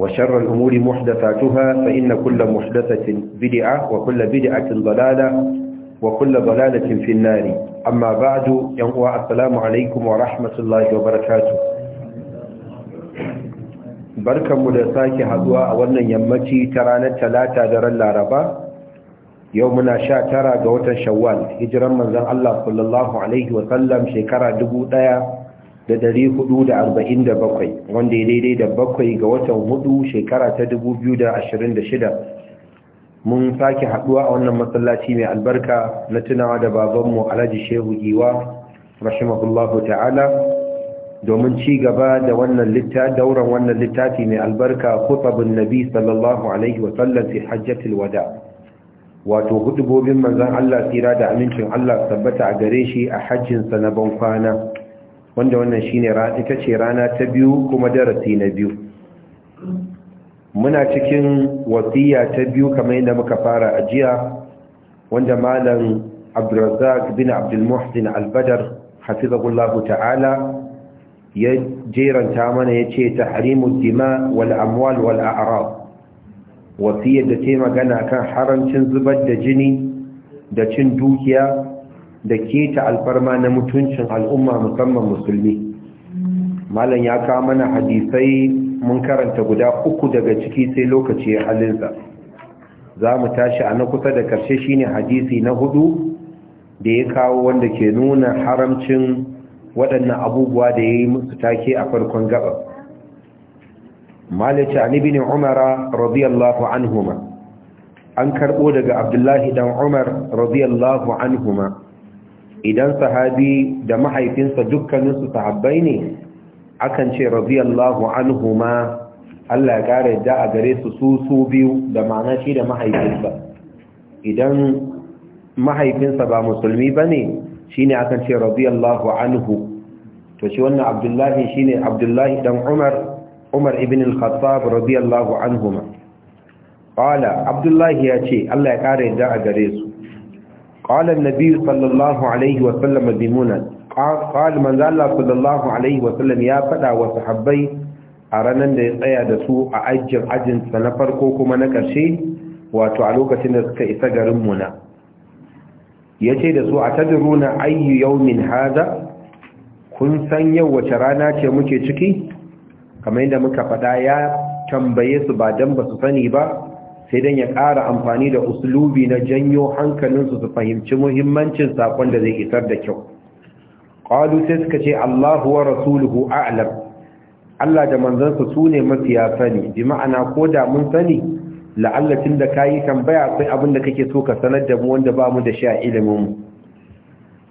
وشر الأمور محدثاتها فإن كل محدثة بدعة وكل بدعة ضلالة وكل ضلالة في النار أما بعد ينقوى السلام عليكم ورحمة الله وبركاته barkan mu da sake haduwa a wannan yammaci ta ranar talata da ran laraba yau muna sha tara ga watan shawwal hijiran manzon Allah wa sallam shekara dubu ɗaya da ɗari hudu da arba'in da bakwai wanda ya daidai da bakwai ga watan hudu shekara ta dubu biyu da ashirin da shida mun sake haduwa a wannan masallaci mai albarka na tunawa da babanmu alhaji shehu giwa rahimahullahu ta'ala domin ci gaba da wannan littafi dauran wannan littafi mai albarka khutabun nabi sallallahu alaihi wa sallam fi wada' wato hudubobin manzan Allah tsira da amincin Allah tabbata a gare shi a hajjinsa na ban kwana wanda wannan shine ita ce rana ta biyu kuma darasi na biyu muna cikin wasiya ta biyu kamar yadda muka fara ajiya. jiya wanda malam abdulrazak bin abdulmuhsin albadar hafizahullahu ta'ala ya jeranta mana ya ce ta harimun dima wal amwal wal a'rab wasiyar da ta magana kan haramcin zubar da jini da cin dukiya da keta alfarma na mutuncin al'umma musamman musulmi malam ya kawo mana hadisai mun karanta guda uku daga ciki sai lokaci ya halinsa za mu tashi a na kusa da karshe shine hadisi na hudu da ya kawo wanda ke nuna haramcin waɗannan abubuwa da ya yi musu take a farkon gaba malice an ne umara radiyallahu anhuma an karɓo daga abdullahi dan umar radiyallahu anhuma idan sahabi da mahaifinsa dukkaninsu sahabbai ne akan ce radiyallahu anhuma Allah ya kare da a gare su su su biyu da ma'ana shi da mahaifinsa idan mahaifinsa ba musulmi ba bane shine akan ce radiyallahu anhu to shi wannan abdullahi shine abdullahi dan umar umar ibn al-khattab radiyallahu anhuma qala abdullahi ya ce Allah ya kare da a gare su قال النبي صلى الله عليه وسلم بمنى قال من da ya tsaya da su a ajin ajin sa na farko kuma na ƙarshe wato a lokacin da suka isa garin muna yace da su a tadruna ayyu yawmin hada kun san yau wace rana ce muke ciki kamar yadda muka faɗa ya tambaye su ba dan ba su sani ba sai dan ya ƙara amfani da uslubi na janyo hankalinsu su fahimci muhimmancin saƙon da zai isar da kyau Ƙwadu sai suka ce Allahu wa rasuluhu a'lam Allah da manzansa su ne mafiya sani bi ma'ana ko da mun sani la'allacin da kayi tambaya akwai abin da kake so ka sanar da mu wanda ba mu da shi a ilimin mu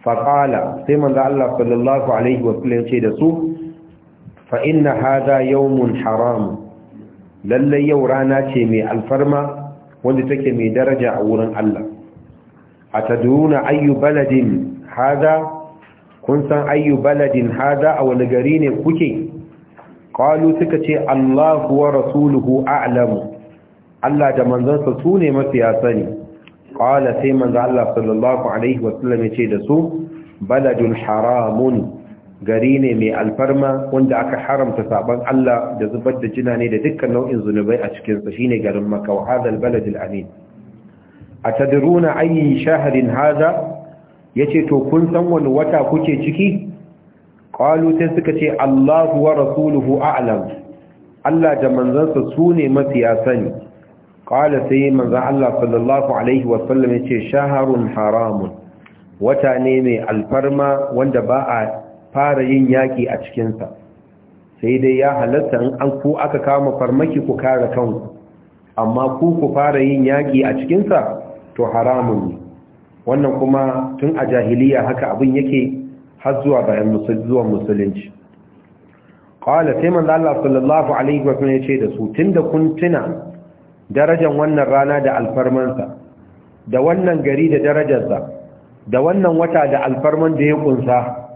faqala sai manzo Allah sallallahu alaihi wa sallam ce da su fa inna hada yawmun haramu. lallai yau rana ce mai alfarma wanda take mai daraja a wurin Allah a taduruna ayyu baladin kun san ayyu baladin hada a wani gari ne kuke qalu suka ce Allahu wa rasuluhu a'lamu Allah da manzansa su ne mafiya sani qala sai manzo Allah sallallahu alaihi wasallam ya ce da su baladun haramun gari ne mai alfarma wanda aka haramta saban Allah da zubar da jina ne da dukkan nau'in zunubai a cikinsa shine garin Makka wa hadal baladil amin atadruna shaharin haza? Ya ce to kun san wani wata kuke ciki qalu sai suka ce Allahu wa rasuluhu a'alam. Allah da manzansa su ne mafiya sani qala sai manzon Allah sallallahu alaihi wa sallam yace shaharun haramun wata ne mai alfarma wanda ba a fara yin yaƙi a cikinsa sai dai ya halatta in an ku aka kama farmaki ku kare kanku amma ku ku fara yin yaƙi a cikinsa to haramun ne wannan kuma tun a jahiliya haka abin yake har zuwa bayan zuwan musulunci ƙwala sai man Allah sallallahu alaihi wasu ne ce da su tunda kun tuna darajar wannan rana da alfarmansa da wannan gari da darajarsa da wannan wata da alfarman da ya ƙunsa.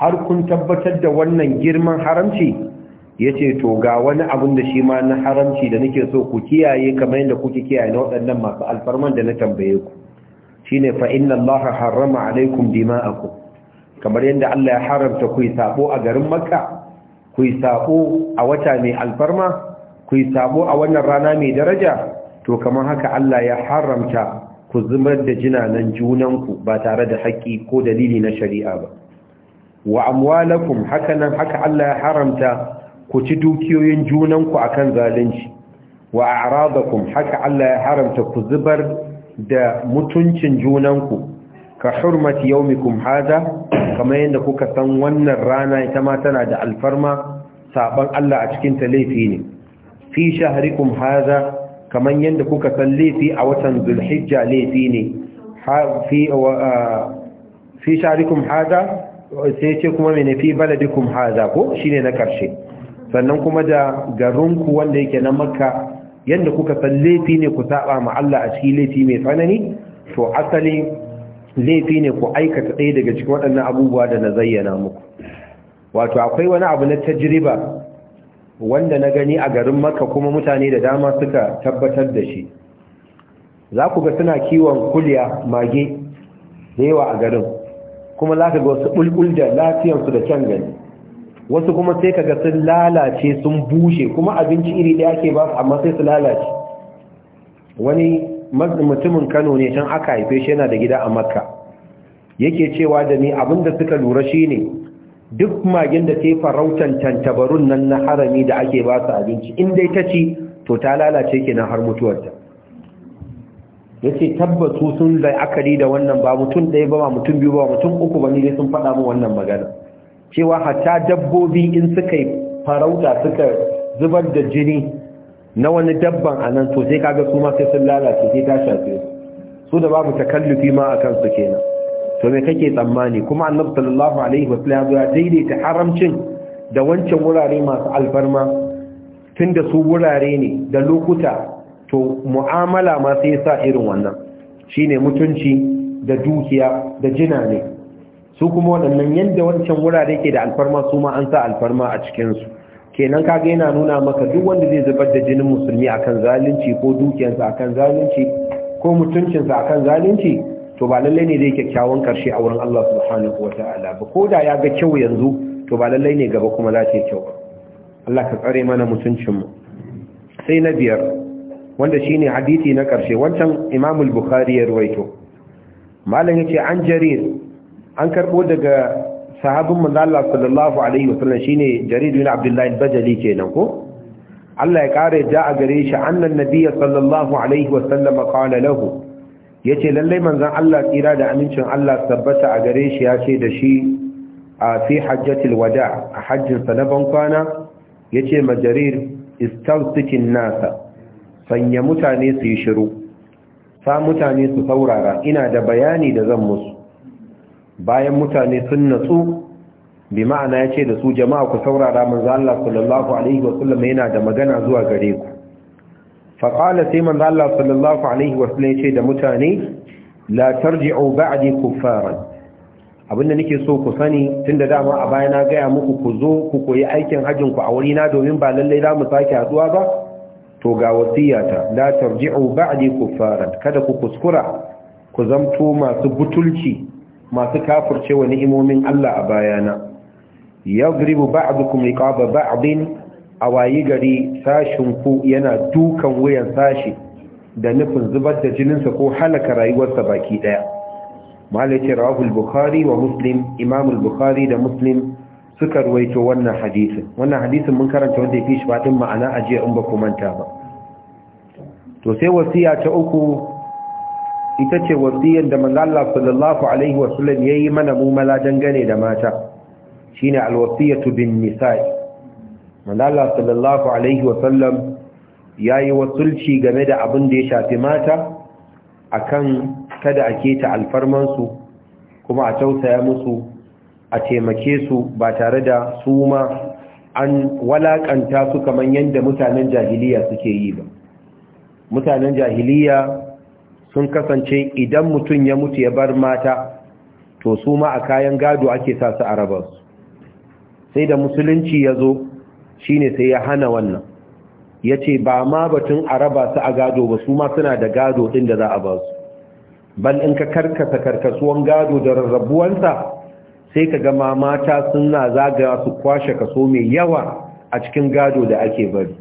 har kun tabbatar da wannan girman haramci ya ce to ga wani abin da shi ma na haramci da nake so ku kiyaye kamar yadda kuke kiyaye na waɗannan masu alfarman da na tambaye ku shi ne fa'inna Allah harama alaikum dima'aku kamar yadda Allah ya haramta ku yi sabo a garin makka ku yi sabo a wata mai alfarma ku yi sabo a wannan rana mai daraja to kamar haka Allah ya haramta ku zubar da jinanan junanku ba tare da haƙƙi ko dalili na shari'a ba wa amwalakum hakanan haka Allah ya haramta ku ci dukiyoyin junanku akan zalunci wa a'radakum haka Allah ya haramta ku zubar da mutuncin junanku ka hurmati yaumikum hada kamar yadda kuka san wannan rana ita ma tana da alfarma saban Allah a cikin ta laifi ne fi shahrikum hada kamar yadda kuka san laifi a watan zulhijja laifi ne ah, fi shahrikum hada sai ce kuma mai nafi baladikum haza ko shine na karshe sannan kuma da garinku wanda yake na makka yadda kuka san laifi ne ku saba ma Allah a cikin laifi mai tsanani to asali laifi ne ku aikata ɗaya daga cikin waɗannan abubuwa da na zayyana muku wato akwai wani abu na tajriba wanda na gani a garin makka kuma mutane da dama suka tabbatar da shi za ku ga suna kiwon kuliya mage da yawa a garin kuma za ka ga wasu ɓulɓul da lafiyarsu da kyan gani wasu kuma sai ka ga sun lalace sun bushe kuma abinci iri ɗaya ake ba amma sai su lalace wani mutumin kano ne can aka haife shi yana da gida a makka yake cewa da ni abinda suka lura shi ne duk magen da ta yi farautan tantabarun nan na harami da ake ba su abinci in dai ta ci to ta lalace kenan har mutuwarta ya ce tabbatu sun la'akari da wannan ba mutum ɗaya ba mutum biyu ba mutum uku ba ni sun faɗa min wannan magana cewa hatta dabbobi in suka yi farauta suka zubar da jini na wani dabban a nan sosai kaga su masu sun lalace sai ta shafe su da babu takallufi ma a kansu kenan to me kake tsammani kuma annabi sallallahu alaihi wasallam ya daidaita haramcin da wancan wurare masu alfarma tunda su wurare ne da lokuta to mu'amala ma sai sa irin wannan shine mutunci da dukiya da jina ne su kuma waɗannan yadda wancan wurare ke da alfarma su ma an sa alfarma a cikinsu kenan kaga yana nuna maka duk wanda zai zubar da jinin musulmi akan zalunci ko dukiyarsa akan zalunci ko mutuncinsa akan zalunci to ba lallai ne zai kyakkyawan karshe a wurin Allah subhanahu wata'ala ba ko da ya ga kyau yanzu to ba lallai ne gaba kuma za ta yi kyau Allah ka tsare mana mutuncinmu sai na biyar wanda shine hadisi na karshe wancan Imam al-Bukhari ya ruwaito malam yace an jarir an karbo daga sahabin manzo Allah sallallahu alaihi wasallam shine Jarir bin Abdullah al-Bajali kenan ko Allah ya kare ja a gare shi annan nabiy sallallahu alaihi wasallam qala lahu yace lalle manzon Allah tsira da amincin Allah tabbata a gare shi yace da shi a fi hajjatil wada a hajjin sa na bankwana yace ma Jarir istawsikin nasa sanya mutane su yi shiru sa mutane su saurara ina da bayani da zan musu bayan mutane sun natsu bi ma'ana ya ce da su jama'a ku saurara manzo Allah sallallahu alaihi sallam yana da magana zuwa gare ku fa qala sai manzo Allah sallallahu alaihi ya ce da mutane la tarji'u ba'di kuffaran abinda nake so ku sani tunda dama a baya na gaya muku ku zo ku koyi aikin hajjin ku a wuri na domin ba lalle za mu sake haduwa ba to ga wasiyata la tarji'u ba'di kuffaran kada ku kuskura ku zamto masu butulci masu kafircewa ni'imomin Allah a bayana yadribu ba'dukum liqaba ba'din awayi gari sashin ku yana dukan wuyan sashi da nufin zubar da jininsa ko halaka rayuwarsa baki daya malice rahul bukhari wa muslim imam bukhari da muslim suka ruwaito wannan hadisin wannan hadisin mun karanta wanda ya fi shi ma'ana a jiya in ba ku manta ba to sai wasiya ta uku ita ce wasiyar da manzo sallallahu alaihi wasallam yayi mana mu mala dangane da mata shine alwasiyatu bin nisa'i manzo sallallahu alaihi wasallam yayi wasulci game da abin da ya shafi mata akan kada a keta alfarman su kuma a tausaya musu a taimake su ba tare da su ma an walakanta su kamar yadda mutanen jahiliya suke yi ba mutanen jahiliya sun kasance idan mutum ya mutu ya bar mata to su ma a kayan gado ake sa su a sai da musulunci ya zo shi ne sai ya hana wannan ya ce ba ma batun araba su a gado ba su ma suna da gado ɗin da za a ba su bal in ka karkasa karkasuwan gado da rarrabuwansa sai ka gama mata suna zagaya su kwashe kaso mai yawa a cikin gado da ake bari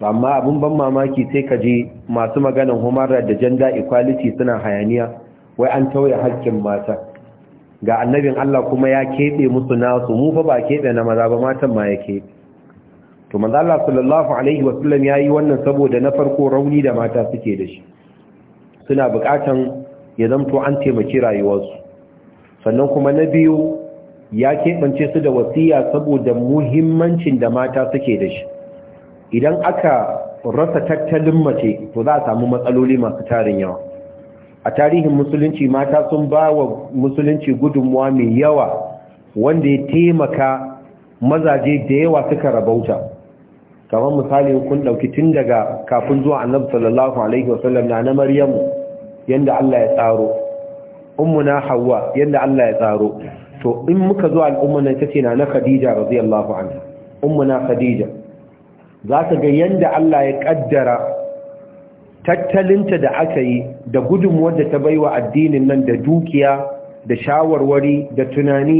amma abin ban mamaki sai ka je masu maganan Humara da Janda equality suna hayaniya wai an tauye haƙƙin mata ga annabin Allah kuma ya keɓe musu nasu mu fa ba keɓe na maza ba matan ma ya keɓe to manzo Allah sallallahu alaihi wasallam yayi wannan saboda na farko rauni da mata suke da shi suna buƙatan ya zamto an taimaki rayuwarsu sannan kuma na biyu ya keɓance su da wasiya saboda muhimmancin da mata suke da shi idan aka rasa tattalin mace to za a samu matsaloli masu tarin yawa a tarihin musulunci mata sun ba wa musulunci gudunmuwa mai yawa wanda ya taimaka mazaje da yawa suka rabauta kamar misali kun ɗauki tun daga kafin zuwa annabi sallallahu alaihi wasallam na na maryamu yanda Allah ya tsaro ummuna hawa yadda Allah ya tsaro to in muka zo al'ummar nan tace na Khadija radiyallahu anha ummuna Khadija za ka ga yadda Allah ya kaddara tattalinta da aka yi da gudunmuwar da ta baiwa addinin nan da dukiya da shawarwari da tunani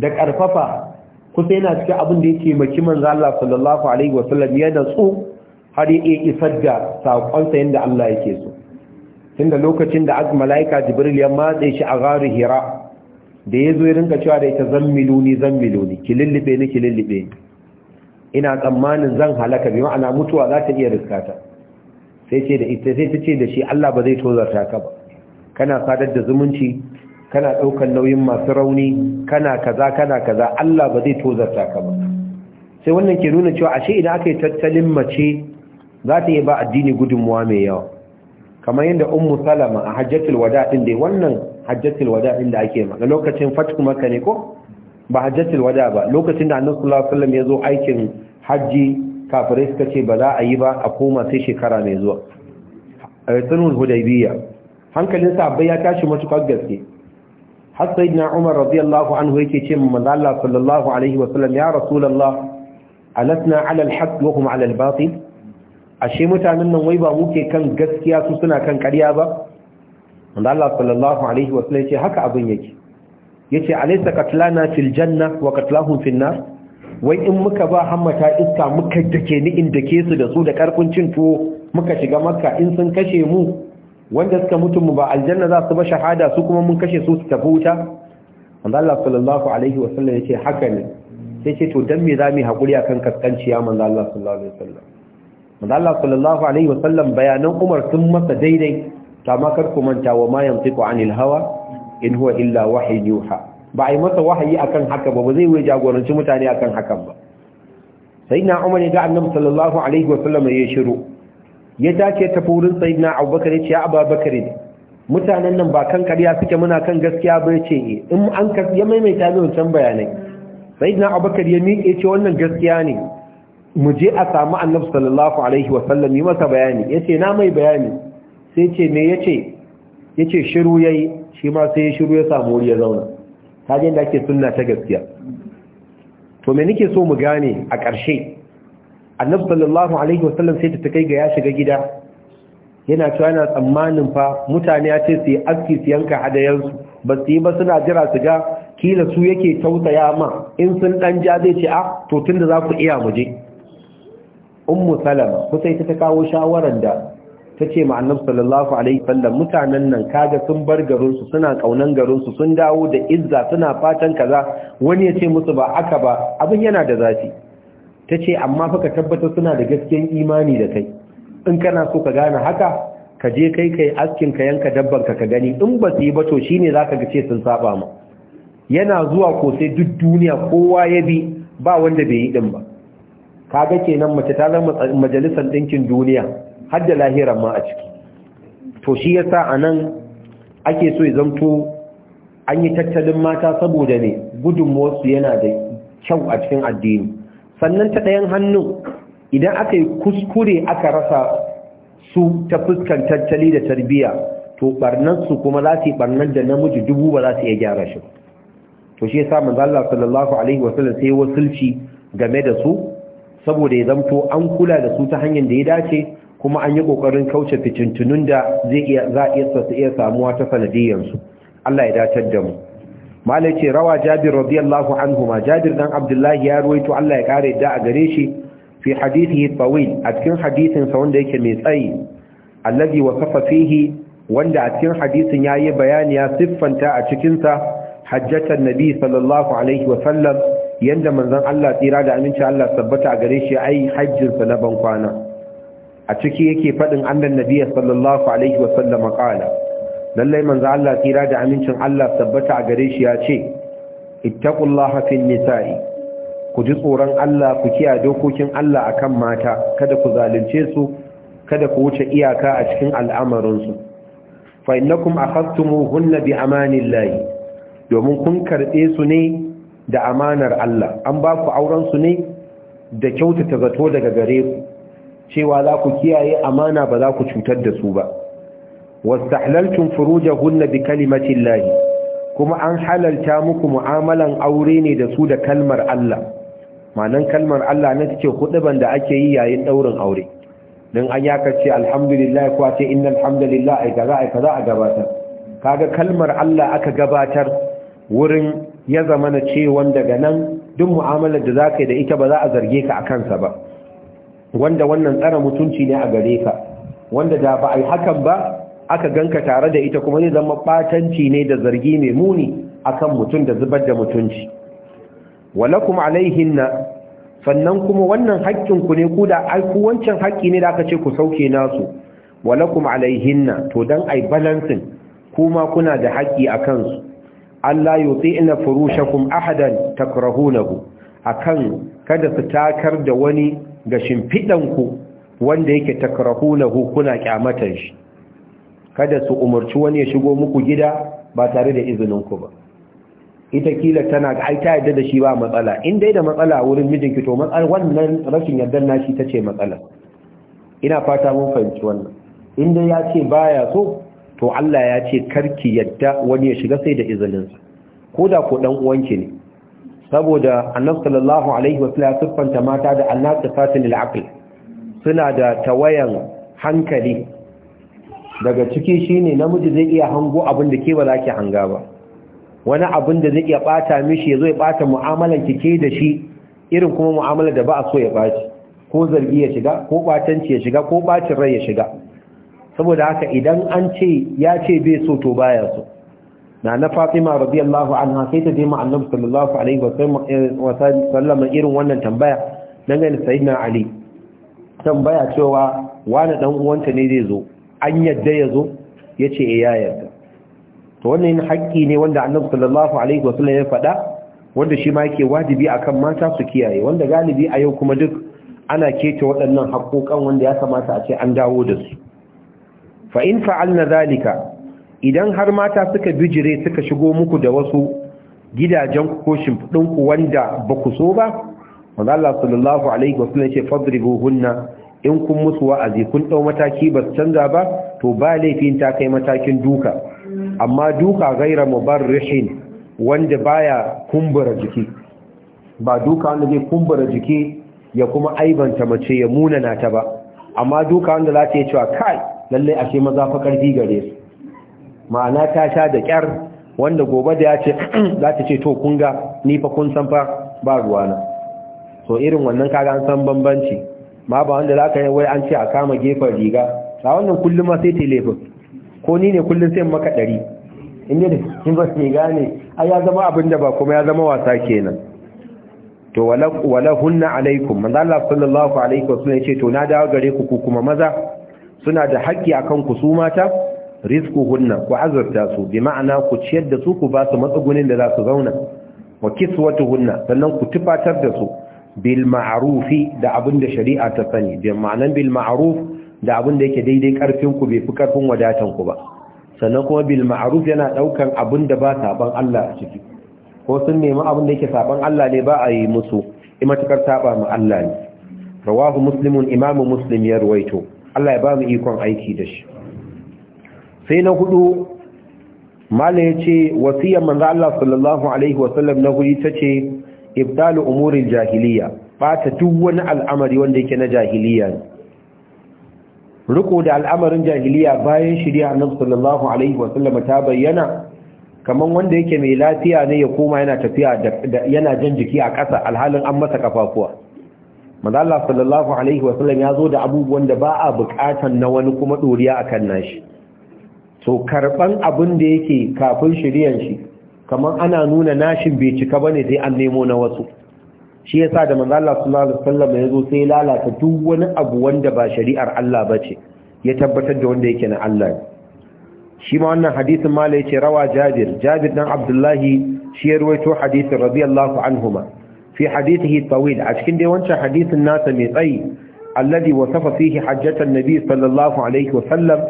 da karfafa kusa yana cikin abin da yake maki manzo Allah sallallahu alaihi wasallam ya da tsu har ya isar da sakonsa yanda Allah yake so tunda lokacin da aka malaika jibril ya matse shi a gari hira da ya zo ya rinka cewa da ita zammiluni zammiluni ki lullube ni ki lullube ni ina tsammanin zan halaka bi ma'ana mutuwa za ta iya riskata sai ce da ita sai ta ce da shi Allah ba zai tozarta ka ba kana sadar da zumunci kana ɗaukar nauyin masu rauni kana kaza kana kaza Allah ba zai tozarta ka ba sai wannan ke nuna cewa ashe idan aka yi tattalin mace za ta iya ba addini gudunmuwa mai yawa kamar yadda ummu salama a hajjatul wada din dai wannan hajjatul wada din da ake ma lokacin fatu makka ne ko ba hajjatul wada ba lokacin da annabi sallallahu alaihi wasallam ya zo aikin haji kafirai suka ce ba za a yi ba a koma sai shekara mai zuwa a tsunul hudaybiya hankalin sahabbai ya tashi matukar gaske har sayyidina umar radiyallahu anhu yake ce mu manzo Allah sallallahu alaihi wasallam ya rasulullah alasna ala alhaq wa hum ala albatil ashe mutanen nan wai ba muke kan gaskiya su suna kan ƙarya ba wanda Allah sallallahu alaihi wa sallam yace haka abin yake yace alaysa qatlana fil janna wa qatlahum fil nar wai in muka ba hammata iska muka dake ni inda ke su da su da karfin cin tuwo muka shiga makka in sun kashe mu wanda suka mutu mu ba aljanna za su ba shahada su kuma mun kashe su su tafi wuta wanda Allah sallallahu alaihi wa sallam yace haka ne sai ce to dan me za yi hakuri akan kaskanciya manzo Allah sallallahu alaihi wa sallam manzo Allah sallallahu alaihi wa sallam bayanan Umar sun masa daidai kama kar ku manta wa ma yantiqu anil hawa in huwa illa wahyu yuha ba ai masa wahayi akan haka ba ba zai wai jagoranci mutane akan hakan ba sayyidina Umar ya ga annabi sallallahu alaihi wa sallam ya shiru ya dace ta furin sayyidina Abubakar ya ce ya Abubakar mutanen nan ba kan kariya suke muna kan gaskiya ba ce eh, in an ya maimaita ne wancan bayanai sayyidina Abubakar ya miƙe ce wannan gaskiya ne mu je a samu annabi sallallahu alaihi wasallam yi masa bayani yace na mai bayani sai ce me yace yace shiru yayi shi ma sai ya shiru ya samu wuri ya zauna kaje da ake sunna ta gaskiya to me nake so mu gane a ƙarshe annabi sallallahu alaihi wasallam sai ta kai ga ya shiga gida yana cewa yana tsammanin fa mutane ya ce su yi aski su yanka su ba su yi ba suna jira su ga kila su yake tausaya ma in sun dan ja zai ce a ah, to tunda za ku iya mu je. ummu salama kusa ita ta kawo shawaran da ta ce ma annabi sallallahu alaihi wasallam mutanen nan kaga sun bar garinsu, suna kaunan garinsu, sun dawo da izza suna fatan kaza wani ya ce musu ba aka ba abin yana da zafi Ta ce amma fa ka tabbatar suna da gaskiyar imani da kai in kana so ka gane haka ka je kai kai askin ka yanka dabban ka ka gani in ba su yi ba to shine zaka ga ce sun saba ma yana zuwa ko sai duk duniya kowa ya bi ba wanda bai yi din ba kaga kenan mace ta zama majalisar ɗinkin duniya har da lahiran ma a ciki to shi yasa anan ake so ya zanto an yi tattalin mata saboda ne wasu yana da kyau a cikin addini sannan ta ɗayan hannun idan aka yi kuskure aka rasa su ta fuskan tattali da tarbiyya to su kuma za su yi barnan da namiji dubu ba za su iya gyara shi to shi yasa manzo Allah sallallahu alaihi wasallam sai wasulci game da su saboda ya zamto an kula da su ta hanyar da ya dace kuma an yi kokarin kauce fitintunun da zai iya za iya su iya samuwa ta sanadiyyarsu. su Allah ya dace da mu malai ce rawa Jabir radiyallahu anhu ma Jabir dan Abdullahi ya ruwaito Allah ya kare da a gare shi fi hadithihi tawil a cikin hadisin sa wanda yake mai tsayi alladhi wasafa fihi wanda a cikin hadisin yayi bayani ya siffanta a cikin sa hajjatan nabi sallallahu alaihi wa sallam yanda manzon Allah tsira da amincin Allah sabbata a gare shi ai hajjin na ban kwana a ciki yake faɗin annan nabiyyi sallallahu alaihi wa sallam qala manzon Allah tsira da amincin Allah sabbata a gare shi ya ce ittaqullaha fin nisa'i ku ji tsoron Allah ku kiya dokokin Allah akan mata kada ku zalunce su kada ku wuce iyaka a cikin al'amarin su fa innakum akhadtumuhunna bi amanillahi domin kun karbe su ne da amanar Allah an ba ku auren ne da kyautata zato daga gare ku cewa za ku kiyaye amana ba za ku cutar da su ba wastahlaltum furujahunna bi kalimati llahi kuma an halarta muku mu'amalan aure ne da su da kalmar Allah manan kalmar Allah na take huduban da ake yi yayin ɗaurin aure dan an ya ce alhamdulillah ko ce innal alhamdulillah, ai kaza ai kaza a gabatar kaga kalmar Allah aka gabatar wurin ya zama na ce wanda daga nan duk mu'amalar da za ka yi da ita ba za a zarge ka a kansa ba wanda wannan tsara mutunci ne a gare ka wanda da ba a yi hakan ba aka ganka tare da ita kuma zai zama ɓatanci ne da zargi mai muni akan mutum da zubar da mutunci walakum alaihinna sannan kuma wannan haƙƙinku ne ku da aiku wancan haƙƙi ne da aka ce ku sauke nasu walakum alaihinna to dan ai balancing kuma kuna da haƙƙi a kansu Allah yuti'na furushakum ahadan takrahunahu akan kada su takar da wani ga shimfidan ku wanda yake takrahunahu kuna kyamatan shi kada su umarci wani ya shigo muku gida ba tare da izinin ku ba ita kila tana ai ta yadda da shi ba matsala in dai da matsala wurin mijinki to matsal wannan rashin yardar nashi tace matsala ina fata mun fahimci wannan in dai ya ce baya so to Allah ya ce karki yadda wani ya shiga sai da izininsa ko da ko dan uwanki ne saboda annabi sallallahu alaihi wasallam ya siffanta mata da annabi fatil al suna da tawayan hankali daga ciki shine namiji zai iya hango abin da ke ba za ki hanga ba wani abin da zai iya bata mishi yazo ya bata mu'amalar ki ke da shi irin kuma mu'amalar da ba a so ya baci ko zargi ya shiga ko batanci ya shiga ko bacin rai ya shiga saboda haka idan an ce ya ce bai so to baya so na na fatima radiyallahu anha sai ta dima annabi sallallahu alaihi wasallam irin wannan tambaya dangane ga sayyidina ali tambaya cewa wani dan uwanta ne zai zo an yadda ya zo yace eh ya yarda to wannan haƙƙi ne wanda annabi sallallahu alaihi wasallam ya faɗa wanda shi ma yake wajibi akan mata su kiyaye wanda galibi a yau kuma duk ana keta waɗannan haƙƙoƙan wanda ya kamata a ce an dawo da su fa in na zalika idan har mata suka bijire suka shigo muku da wasu gidajen ko shimfiɗinku wanda ba ku so ba wanda Allah sallallahu alaihi wasallam ce hunna in kun musu wa'azi kun ɗau mataki ba su canza ba to ba laifin ta kai matakin duka amma duka gaira mubarrihin wanda baya kumbura jiki ba duka wanda zai kumbura jiki ya kuma aibanta mace ya munana ta ba amma duka wanda za ta yi cewa kai lallai ashe maza fa karfi gare su ma'ana ta sha da kyar wanda gobe da ya ce za ta ce to kunga ni fa kun san fa ba ruwana so irin wannan kaga an san bambanci ma ba wanda za ka yi wai an ce a kama gefen riga a wannan kullum ma sai telefon ko ni ne kullum sai maka ɗari inda da kin ba ne ai ya zama abin da ba kuma ya zama wasa kenan to wala hunna alaikum manzo Allah sallallahu alaihi wasallam yace to na dawo gare ku ku kuma maza suna da haƙƙi akan ku su mata hunna ku azurta su bi ma'ana ku ciyar da su ku ba su matsugunin da za su zauna wa hunna sannan ku tufatar da su bil ma'rufi da abin da shari'a ta sani bi ma'anan bil ma'ruf da abin da yake daidai karfin ku bai fi karfin wadatan ku ba sannan kuma bil ma'ruf yana daukan abin da ba saban Allah a ciki ko sun nemi abin da yake saban Allah ne ba a yi musu imatakar saba mu Allah ne rawahu muslimun imamu muslim ya ruwaito Allah ya ba mu ikon aiki da shi sai na hudu mala ya ce wasiyar manzo Allah sallallahu alaihi wasallam na hudu ta ce ibdalu umurin jahiliya bata duk wani al'amari wanda yake na jahiliya ne riko da al'amarin jahiliya bayan shirya annabi sallallahu alaihi wasallam ta bayyana Kaman wanda yake mai lafiya ne ya koma yana tafiya yana jan jiki a ƙasa alhalin an masa kafafuwa Allah sallallahu alaihi wasallam ya zo da abubuwan da ba a buƙatan na wani kuma ɗoriya akan nashi to karɓan abin da yake kafin shiriyan shi kamar ana nuna nashin bai cika ba ne sai an nemo na wasu shi ya sa da Allah sallallahu alaihi wasallam ya zo sai lalata duk wani abu wanda ba shari'ar Allah ba ce ya tabbatar da wanda yake na Allah ne shi ma wannan hadisin mala yace rawa jabir jabir dan abdullahi shi ya ruwaito hadisin radiyallahu anhuma fi hadithihi tawil a cikin dai wancan hadisin nasa mai tsayi alladhi wasafa fihi hajjatan nabi sallallahu alaihi wa sallam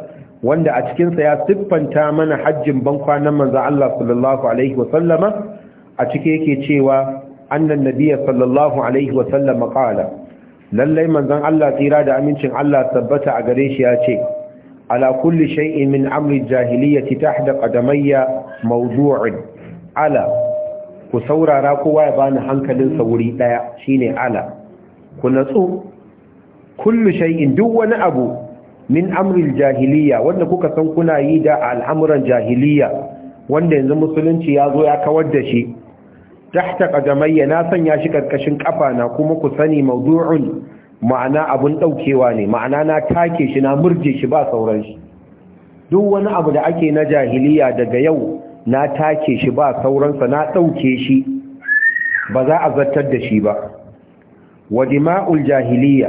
wanda a cikin sa ya siffanta mana hajjin bankwanan manzo Allah sallallahu alaihi wa sallama a cike yake cewa annan nabiyya sallallahu alaihi wa sallama qala lallai manzon Allah tsira da amincin Allah tabbata a gare shi ya ce على كل شيء من أمر الجاهلية تحت قدمي موضوع على كثورة راكوا يبان حنكل سوري لا شيني على كنتو كل شيء دون أبو min amril jahiliya wanda kuka san kuna yi da al'amuran jahiliya wanda yanzu musulunci ya zo ya kawar da shi tahta qadamayya na sanya shi karkashin kafa na kuma ku sani mawdu'un ma'ana abun ɗaukewa ne ma'ana na take shi na murje shi ba sauran shi duk wani abu da ake na jahiliya daga yau na take shi ba sauransa na ɗauke shi ba za a zartar da shi ba wa dima'ul jahiliya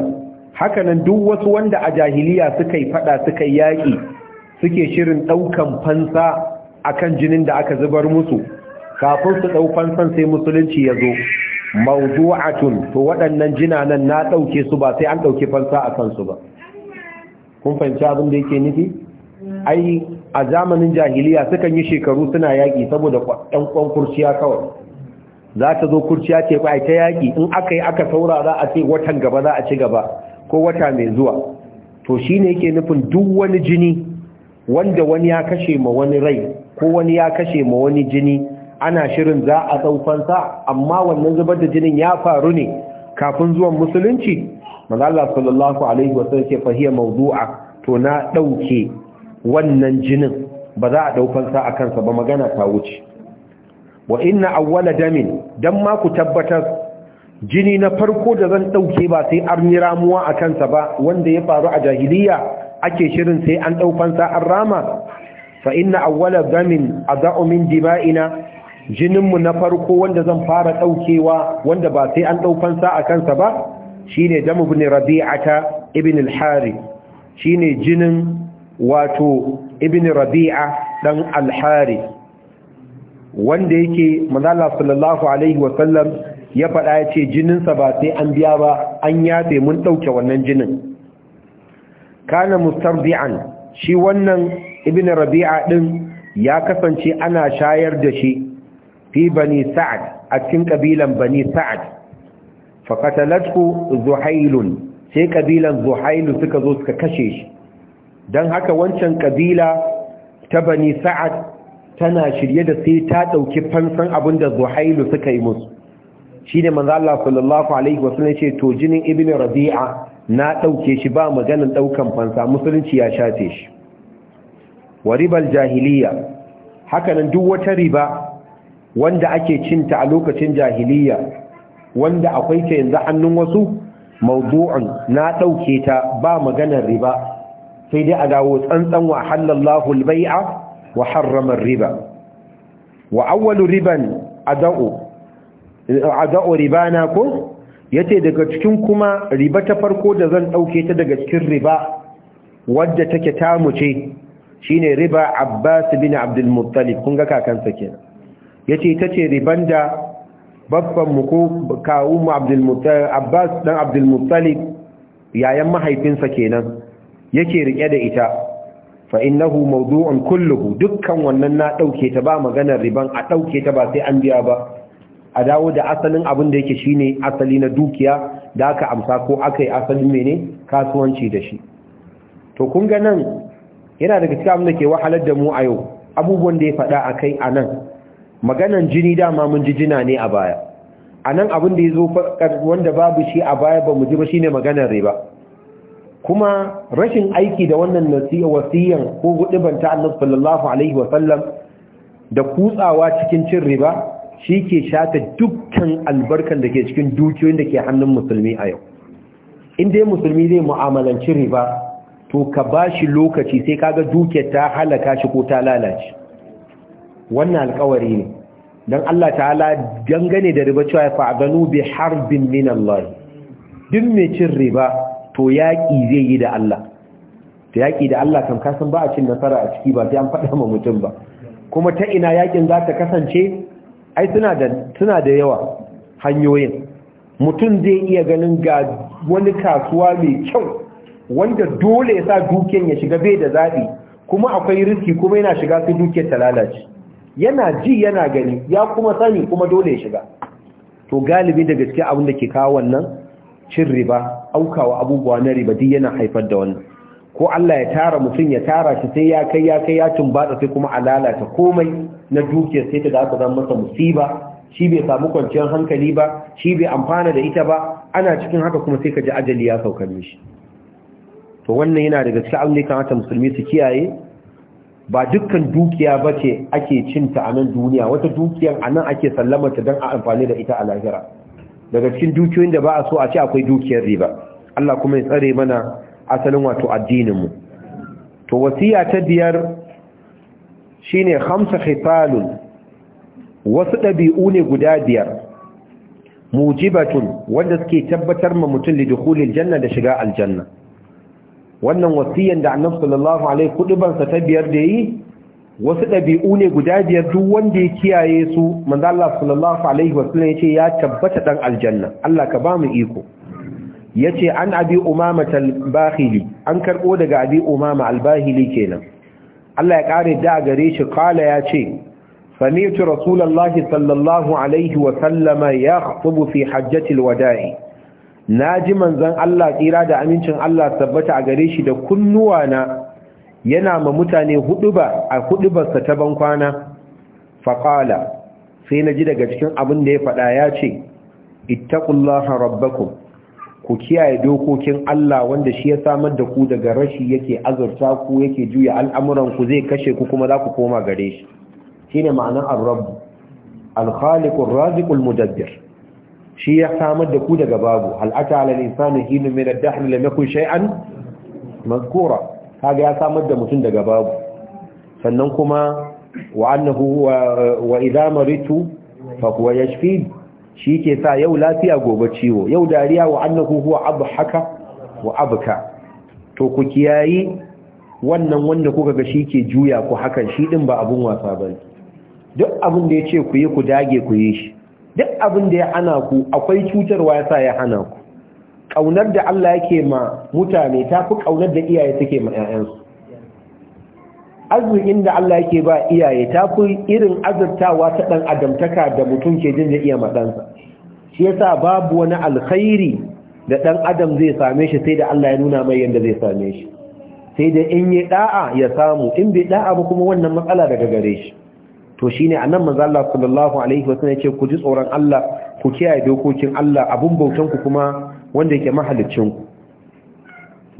hakanan duk wasu wanda a jahiliya suka yi fada suka yi yaƙi suke shirin ɗaukan fansa akan jinin da aka zubar musu kafin su ɗau fansan sai musulunci ya zo mawdu'atun to waɗannan jinanan na ɗauke su ba sai an ɗauke fansa a kansu ba kun fahimci abin da yake nufi ai a zamanin jahiliya sukan yi shekaru suna yaƙi saboda ɗan ƙwan kurciya kawai za ta zo kurciya ce ba ta yaƙi in aka yi aka saurara a ce watan gaba za a ci gaba ko wata mai zuwa to shine ne yake nufin duk wani jini wanda wani ya kashe ma wani rai ko wani ya kashe ma wani jini ana shirin za a amma wannan zubar da jinin ya faru ne kafin zuwan musulunci manzo Allah sallallahu alaihi wasallam ce fahiya mawdu'a to na dauke wannan jinin ba za a daufansa a kansa ba magana ta wuce wa inna awwala damin dan ma ku tabbatar jini na farko da zan dauke ba sai an ramuwa a kansa ba wanda ya faru a jahiliya ake shirin sai an daufansa an rama fa inna awwala damin adau min dima'ina jininmu na farko wanda zan fara ɗaukewa wanda ba sai an ɗaukansa a kansa ba shi ne damu bin rabi'ata ibn al-hari shi jinin wato ibn rabi'a ɗan al-hari wanda yake mazala sallallahu alaihi wasallam ya faɗa ya ce jininsa ba sai an biya ba an yafe mun ɗauke wannan jinin kana mustardi'an shi wannan ibn rabi'a ɗin ya kasance ana shayar da shi fi bani sa'ad a cikin kabilan bani sa'ad faqatalathu zuhailun sai kabilan zuhailu suka zo suka kashe shi dan haka wancan kabila ta bani sa'ad tana shirye da sai ta dauki fansan abinda zuhailu suka yi musu shine manzo Allah sallallahu alaihi wasallam ce to jinin ibnu rabi'a na dauke shi ba maganan daukan fansa musulunci ya shafe shi wa ribal jahiliya hakanan duk wata riba wanda ake cinta a lokacin jahiliya wanda akwai ta yanzu hannun wasu mawdu'un na dauke ta ba maganar riba sai dai a dawo tsantsan wa halallahu al wa harrama riba wa awwalu riban adau adau ribana ko yace daga cikin kuma riba ta farko da zan dauke ta daga cikin riba wadda take tamu ce shine riba Abbas bin Abdul Muttalib kun ga kakansa kenan Ya ce ta ce riban da babban mu ko kawu mu eh, Abbas dan Abdul yayan mahaifinsa kenan yake rike da ita fa innahu mawdu'un kulluhu dukkan wannan na ɗauke ta ba maganar riban a dauke ta ba sai an biya ba a dawo da asalin abin da yake shine asali na dukiya da aka amsa ko aka yi asalin mene kasuwanci da shi to kun ga nan yana daga cikin abin da ke wahalar da mu a yau abubuwan da ya faɗa a kai a nan maganan jini dama mun ji jina ne a baya a nan abin da ya zo wanda babu shi a baya ba mu ji ba shine maganar riba kuma rashin aiki da wannan nasiya wasiyan ko gudiban ta annabi sallallahu alaihi wa sallam da kutsawa cikin cin riba shi ke shata dukkan albarkan da ke cikin dukiyoyin da ke hannun musulmi a yau in dai musulmi zai mu'amalanci riba to ka bashi lokaci sai kaga dukiyar ta halaka shi ko ta lalace wannan alkawari ne don Allah ta'ala dangane da riba cewa fa'adanu bi harbin min Allah duk mai cin riba to yaƙi zai yi da Allah ta yaƙi da Allah kan kasan ba a cin nasara a ciki ba sai an faɗa ma mutum ba kuma ta ina yaƙin za ta kasance ai suna da yawa hanyoyin mutum zai iya ganin ga wani kasuwa mai kyau wanda dole ya sa dukiyan ya shiga bai da zaɓi kuma akwai riski kuma yana shiga su dukiyar ta lalace yana ji yana gani ya kuma sani kuma dole ya shiga to galibi da gaske abin da ke kawo wannan cin riba aukawa abubuwa na riba duk yana haifar da wannan ko Allah ya tara mutum ya tara shi sai ya kai ya kai ya tumbata sai kuma ta komai na dukiyar sai ta da aka zama masa musiba shi bai samu kwanciyar hankali ba shi bai amfana da ita ba ana cikin haka kuma sai ka ji ajali ya sauka mishi to wannan yana daga cikin abin da kamata musulmi su kiyaye ba dukkan dukiya ba ce ake cinta a nan duniya wata dukiyar a nan ake sallamarta don a amfani da ita a lahira daga cikin dukiyoyin da ba a so a ce akwai dukiyar riba Allah kuma ya tsare mana asalin wato addininmu to wasiya ta biyar shine hamsa khifalun wasu ɗabi'u ne guda biyar mujibatun wanda suke tabbatar ma mutum lidukhulil janna da shiga aljanna wannan wasiyan da annabi sallallahu alaihi kudubansa ta biyar da yi wasu ɗabi'u ne guda biyar duk wanda ya kiyaye su manzo Allah sallallahu alaihi wasallam yace ya tabbata dan aljanna Allah ka ba mu iko yace an abi umama al-bahili an karbo daga abi umama al-bahili kenan Allah ya kare da gare shi kala yace sami'tu rasulullahi sallallahu alaihi wasallama yakhtubu fi hajjatil wada'i na ji manzan Allah tsira da amincin Allah tabbata a gare shi da kunnuwa na yana ma mutane ba a hudubarsa ta bankwana faƙala sai na ji daga cikin abin da ya faɗa ya ce ittaqullaha rabbakum ku kiyaye dokokin Allah wanda shi ya samar da ku daga rashi yake azurta ku yake juya al'amuran ku zai kashe ku kuma za ku koma gare shi shine ma'anar ar-rabb al-khaliqur raziqul mudabbir shi ya samar da ku daga babu hal ata ala insani hinu min ad-dahr lam yakun shay'an mazkura kaga ya samar da mutum daga babu sannan kuma wa annahu wa idha maritu fa huwa yashfi shi ke sa yau lafiya gobe ciwo yau dariya wa annahu huwa abhaka wa abka to ku kiyayi wannan wanda kuka ga shi ke juya ku hakan shi din ba abun wasa bane duk abin da yace ku yi ku dage ku yi shi duk abin da ya hana ku akwai cutarwa ya sa ya hana ku ƙaunar da Allah yake ma mutane ta fi ƙaunar da iyaye suke ma 'ya'yansu arzikin da Allah yake ba iyaye ta fi irin azurtawa ta ɗan adamtaka da mutum ke jin da iya matsansa shi yasa babu wani alkhairi da ɗan adam zai same shi sai da Allah ya nuna mai yadda zai same shi sai da in yi ɗa'a ya samu in bai ɗa'a ba kuma wannan matsala daga gare shi to shine anan manzo Allah sallallahu alaihi ku ji tsoron Allah ku kiyaye dokokin Allah abun bautan ku kuma wanda yake mahallicin ku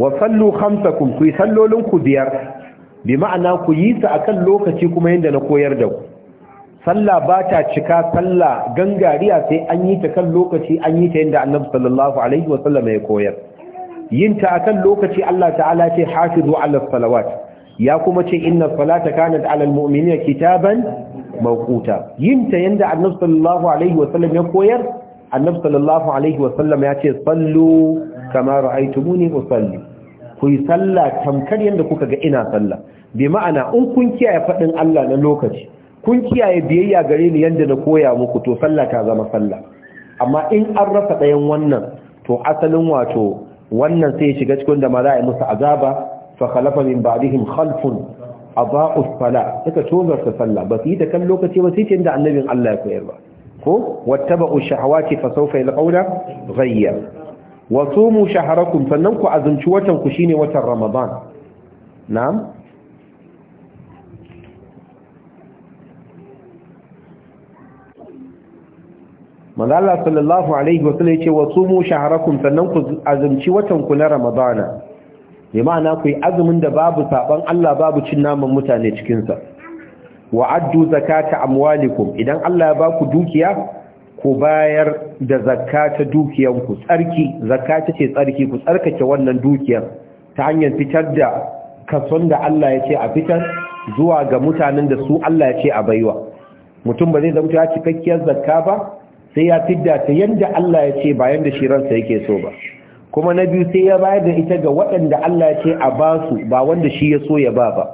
wa sallu khamsakum ku sallolin ku biyar bi ma'ana ku yi su akan lokaci kuma yanda na koyar da ku sallah ba ta cika sallah gangariya sai an yi ta kan lokaci an yi ta yanda Annabi sallallahu alaihi wasallam ya koyar yin ta akan lokaci Allah ta'ala ce hafizu ala salawat ya kuma ce inna salata kanat ala almu'minina kitaban mawquta yinta yanda annabi sallallahu alaihi sallam ya koyar annabi sallallahu alaihi sallam ya ce sallu kama ra'aytumuni usalli ku yi sallah tamkar yanda kuka ga ina sallah bi ma'ana in kun kiyaye fadin Allah na lokaci kun kiyaye biyayya gare ni yanda na koya muku to sallah ta zama sallah amma in an rasa dayan wannan to asalin wato wannan sai ya shiga cikin da ma za a yi musu azaba fa khalafa min ba'dihim khalfun adaa'u as-salah suka sallah ba su yi ta kan lokaci ba sai da annabin Allah ya koyar ba ko wattaba'u shahawati fa sawfa yalqawna ghayya wa sumu shahrakum sannan ku azumci watan ku shine watan ramadan na'am manzo Allah sallallahu alaihi wa sallam yace wa sumu shahrakum sannan ku azumci watan ku na ramadana bi ma'ana ku yi azumin da babu saban Allah babu cin naman mutane cikinsa wa addu zakata amwalikum idan Allah ya baku dukiya ku bayar da zakata dukiyanku tsarki zakata ce tsarki ku tsarkake wannan dukiyar ta hanyar fitar da kason da Allah ya ce a fitar zuwa ga mutanen da su Allah ya ce a baiwa mutum ba zai zama cikakkiyar zakka ba sai ya fidda ta yanda Allah ya ce ba yanda shi ransa yake so ba kuma na biyu sai ya bayar da ita ga waɗanda Allah ya ce a ba su ba wanda shi ya so ya ba ba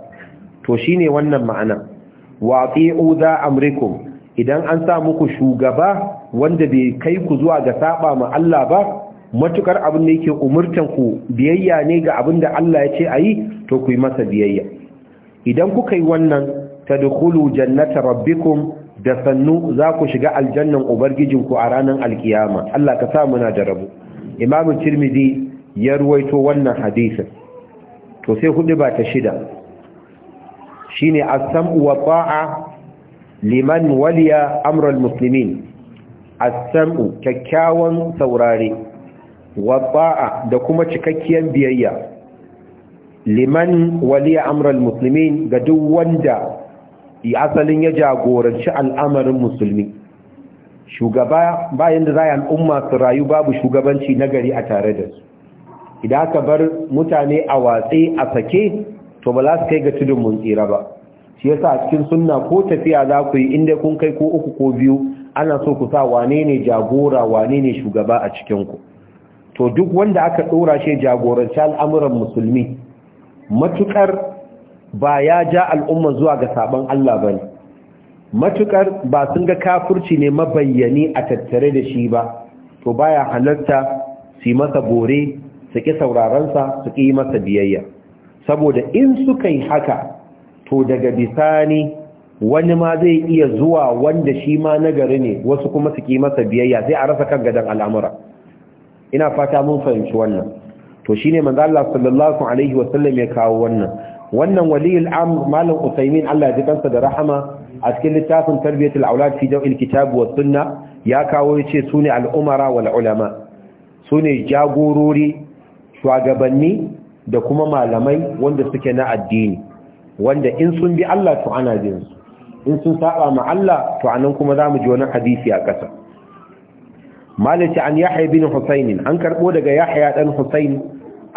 to shine wannan ma'ana wa ati'u za amrikum idan an sa muku shugaba wanda bai kai ku zuwa ga saba ma Allah ba matukar abin da yake umurtan ku biyayya ne ga abin da Allah ya ce a yi, to ku yi masa biyayya idan kuka yi wannan tadkhulu jannata rabbikum da sannu za ku shiga aljannan ubargijinku a ranar alkiyama Allah ka sa muna da rabu imamu tirmidhi ya ruwaito wannan hadisin to sai hudu ba ta shida shine as-sam'u wa ta'a liman waliya amral muslimin as-sam'u kyakkyawan saurare wa ta'a da kuma cikakkiyar biyayya liman waliya amral muslimin ga duk wanda asalin ya jagoranci al'amarin musulmi shugaba bayan da za a al'umma su rayu babu shugabanci nagari a tare da su idan aka bar mutane a watsi a sake to ba za su kai ga tudun mun tsira ba shi yasa a cikin sunna ko tafiya za ku yi inda kun kai ko uku ko biyu ana so ku sa wane ne jagora wane ne shugaba a cikin ku to duk wanda aka dora shi jagoranci al'amuran musulmi matukar ba ya ja al'umma zuwa ga sabon Allah bane Matuƙar ba sun ga kafurci ne mabayyani a tattare da shi ba to baya halarta su masa bore su ƙi saurarensa su ƙi masa biyayya saboda in suka yi haka to daga bisani wani ma zai iya zuwa wanda shi ma nagari ne wasu kuma su ƙi masa biyayya sai a rasa kan gadon al'amura ina fata mun fahimci wannan to shi manzo Allah sallallahu alaihi wasallam ya kawo wannan wannan waliyul amr malam Allah ya ji kansa da rahama a cikin littafin tarbiyatul aulad fi dawil kitab wa sunna ya kawo yace sune al-umara wal ulama sune jagorori shugabanni da kuma malamai wanda suke na addini wanda in sun bi Allah to ana bin su in sun saba ma Allah to anan kuma zamu ji wannan hadisi a kasa malaci an yahya bin husayn an karbo daga yahya dan husayn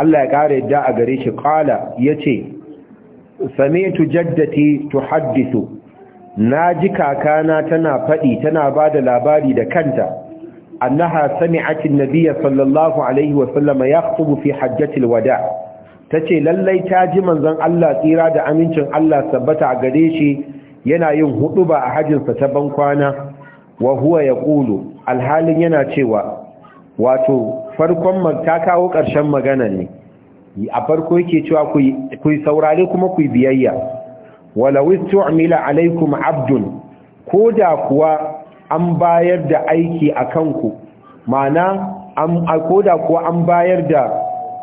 Allah ya kare yadda a gare shi qala yace sami'tu jaddati tuhaddithu na ji kakana tana faɗi tana ba da labari da kanta annaha sami'at an-nabiy sallallahu alaihi wa ya yakhutubu fi hajjatil wada tace lallai ta ji manzon Allah tsira da amincin Allah sabbata a gare shi yana yin huɗuba a hajjinsa ta bankwana wa huwa yaqulu alhalin yana cewa wato farkon ta kawo ƙarshen magana ne a farko yake cewa ku saurare kuma ku biyayya walau istu'mila alaikum abdun ko da kuwa an bayar da aiki a kanku ma'ana ko da kuwa an bayar da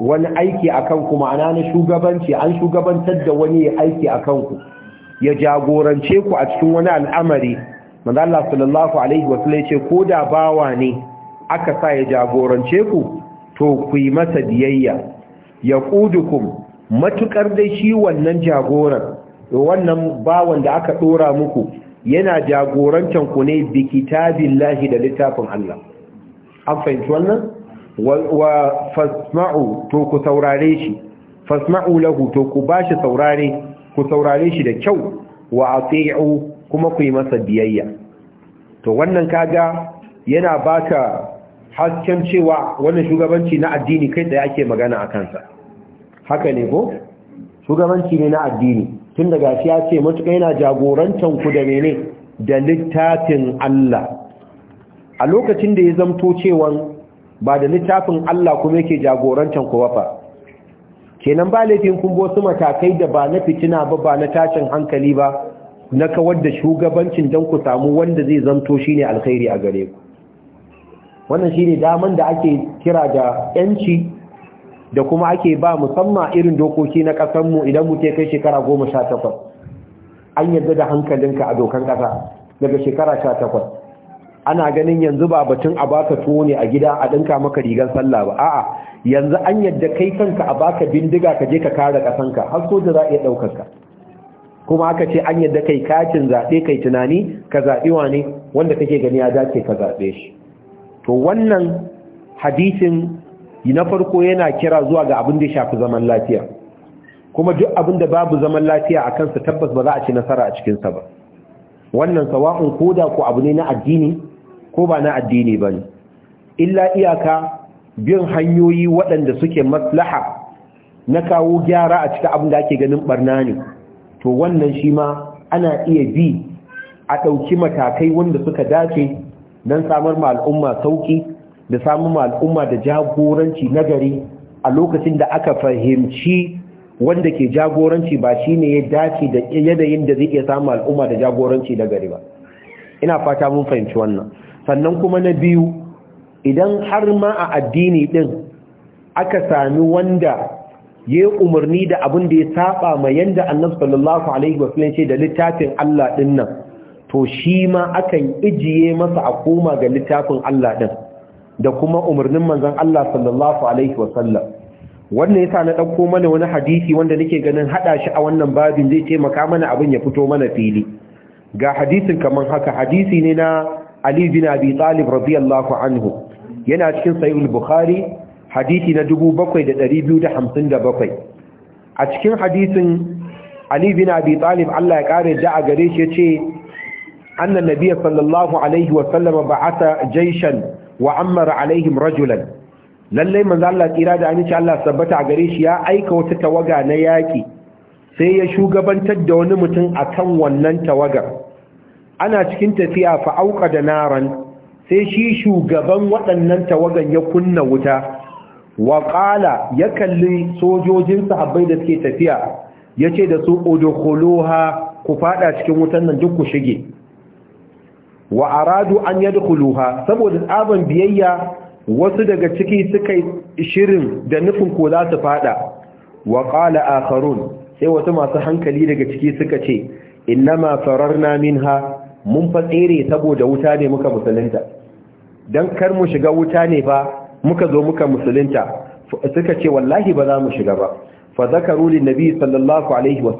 wani aiki a kanku ma'ana na shugabanci an shugabantar da wani aiki a kanku ya jagorance ku a cikin wani al'amari manzo Allah sallallahu alaihi wasallam ce ko da bawa ne aka sa ya jagorance ku to ku yi masa biyayya yaqudukum matukar dai shi wannan jagoran to wannan bawan da aka dora muku yana jagorancan ku ne bi kitabillahi da littafin Allah an fahimci wannan wa fasma'u to ku saurare shi fasma'u lahu to ku bashi saurare ku saurare shi da kyau wa ati'u kuma ku yi masa biyayya to wannan kaga yana baka hasken cewa wannan shugabanci na addini kai da ake magana a kansa haka ne ko shugabanci ne na addini tun daga shi ya ce matuƙa yana jagorantar ku da mene da littafin Allah a lokacin da ya zamto cewa ba da littafin Allah kuma yake jagorantar ku ba kenan ba laifin kun wasu matakai da ba na fitina ba ba na tashin hankali ba na kawar da shugabancin don ku samu wanda zai zamto shine alkhairi a gare ku wannan shine daman da ake kira da yanci da kuma ake ba musamman irin dokoki na mu idan muke kai shekara goma sha takwas an yadda da hankalinka a dokan ƙasa daga shekara sha takwas ana ganin yanzu ba batun a baka tuwo ne a gida a ɗinka maka rigar sallah ba a'a yanzu an yadda kai kanka a baka bindiga ka je ka kare ƙasanka har soja za a iya ɗaukar ka kuma aka ce an yadda kai katin zaɓe kai tunani ka zaɓi wane wanda kake gani ya dace ka zaɓe shi to wannan hadisin na farko yana kira zuwa ga abin da ya shafi zaman lafiya kuma duk abin da babu zaman lafiya a kansa tabbas ba za a ci nasara a cikinsa ba wannan sawa'un da ko abu ne na addini ko ba na addini ba ne illa iyaka bin hanyoyi waɗanda suke maslaha na kawo gyara a cikin abin da ake ganin barna ne to wannan shi ma ana iya bi a ɗauki matakai wanda suka dace don samar ma al'umma sauƙi da samun al'umma da jagoranci nagari a lokacin da aka fahimci wanda ke jagoranci ba shi ne ya dace da yanayin da zai iya samun al'umma da jagoranci nagari ba ina fata mun fahimci wannan sannan kuma na biyu idan har ma a addini din aka sami wanda ya yi umarni da abin da ya saba ma yanda annabi sallallahu alaihi wasallam ce da littafin Allah din nan to shi ma akan ijiye masa a koma ga littafin Allah ɗin. da kuma umarnin manzon Allah sallallahu alaihi wasallam wannan yasa na ɗauko mana wani hadisi wanda nake ganin haɗa shi a wannan babin zai taimaka mana abin ya fito mana fili ga hadisin kaman haka hadisi ne na Ali bin Abi Talib radiyallahu anhu yana cikin sahih al-Bukhari hadisi na 7257 a cikin hadisin Ali bin Abi Talib Allah ya kare da a gare shi yace annan nabiyyi sallallahu alaihi Wasallama ba'ata jaishan wa amara alaihim rajulan lallai manzo Allah tsira da aminci Allah sabbata a gare shi ya aika wata tawaga na yaki sai ya shugabantar da wani mutum akan wannan tawagar ana cikin tafiya fa auka da naran sai shi shugaban waɗannan tawagan ya kunna wuta wa qala ya kalli sojojin sahabbai da suke tafiya yace da su udkhuluha ku fada cikin wutan nan duk ku shige wa aradu an yadkhuluha saboda tsaban biyayya wasu daga ciki suka shirin da nufin ko za su fada wa qala akharun sai wasu masu hankali daga ciki suka ce na fararna minha mun fa tsere saboda wuta ne muka musulunta dan kar mu shiga wuta ne ba muka zo muka musulunta suka ce wallahi ba za mu shiga ba fa zakaru lin nabi sallallahu alaihi wa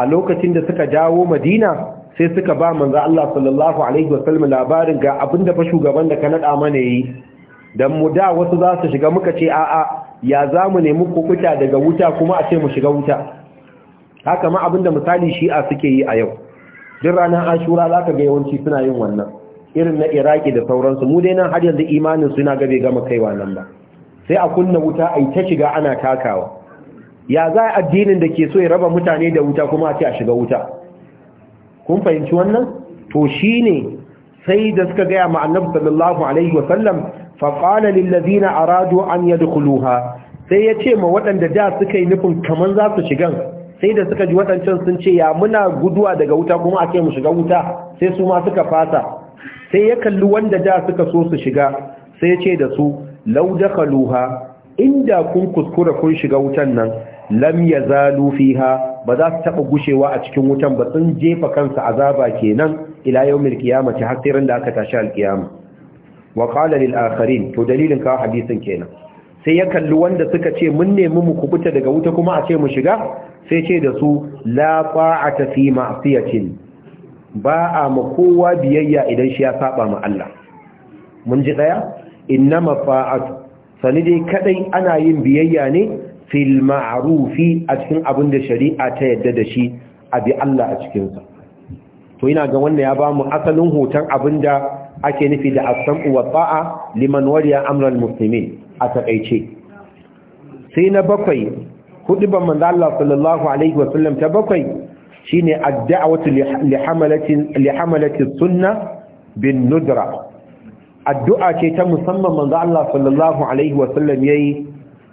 a lokacin da suka jawo madina sai suka ba manzo Allah sallallahu alaihi wasallam labarin ga abinda fa shugaban da ka nada mana yi dan mu da wasu za su shiga muka ce a'a ya zamu nemi kuta daga wuta kuma a ce mu shiga wuta haka ma abinda misali shi'a suke yi a yau duk ranar ashura zaka ga yawanci suna yin wannan irin na iraki da sauransu mu dai nan har yanzu imanin suna ga bai gama kaiwa nan ba sai a kunna wuta a yi ta shiga ana takawa ya za addinin da ke so ya raba mutane da wuta kuma a ce a shiga wuta kun fahimci wannan to ne. sai da suka gaya ma annabi sallallahu alaihi wa sallam fa qala lil ladina aradu an yadkhuluha sai ya ce ma waɗanda da suka yi nufin kaman za su shigan sai da suka ji waɗancan sun ce ya muna guduwa daga wuta kuma ake mu shiga wuta sai su ma suka fasa sai ya kalli wanda da suka so su shiga sai ya ce da su da kaluha inda kun kuskura kun shiga wutan nan lam yazalu fiha ba za su taba gushewa a cikin wutan ba sun jefa kansa azaba kenan ila yawmil qiyamati har sai ran da aka tashi alqiyama wa qala lil akharin to dalilin ka hadisin kenan sai ya kalli wanda suka ce mun nemi mu kubuta daga wuta kuma a ce mu shiga sai ce da su la fa'ata fi ma'siyatin ba a ma kowa biyayya idan shi ya saba ma Allah mun ji daya innama fa'at sani kadai ana yin biyayya ne fil ma'rufi a cikin abin da shari'a ta yadda da shi a bi Allah a cikinsa to ina ga wannan ya bamu asalin hoton abin da ake nufi da as-sam'u wa ta'a liman waliya amran muslimin a takaice sai na bakwai hudiban manzo Allah sallallahu alaihi wa sallam ta bakwai shine ad-da'watu li hamalatin li hamalati sunna bin nudra addu'a ce ta musamman manzo Allah sallallahu alaihi wa sallam yayi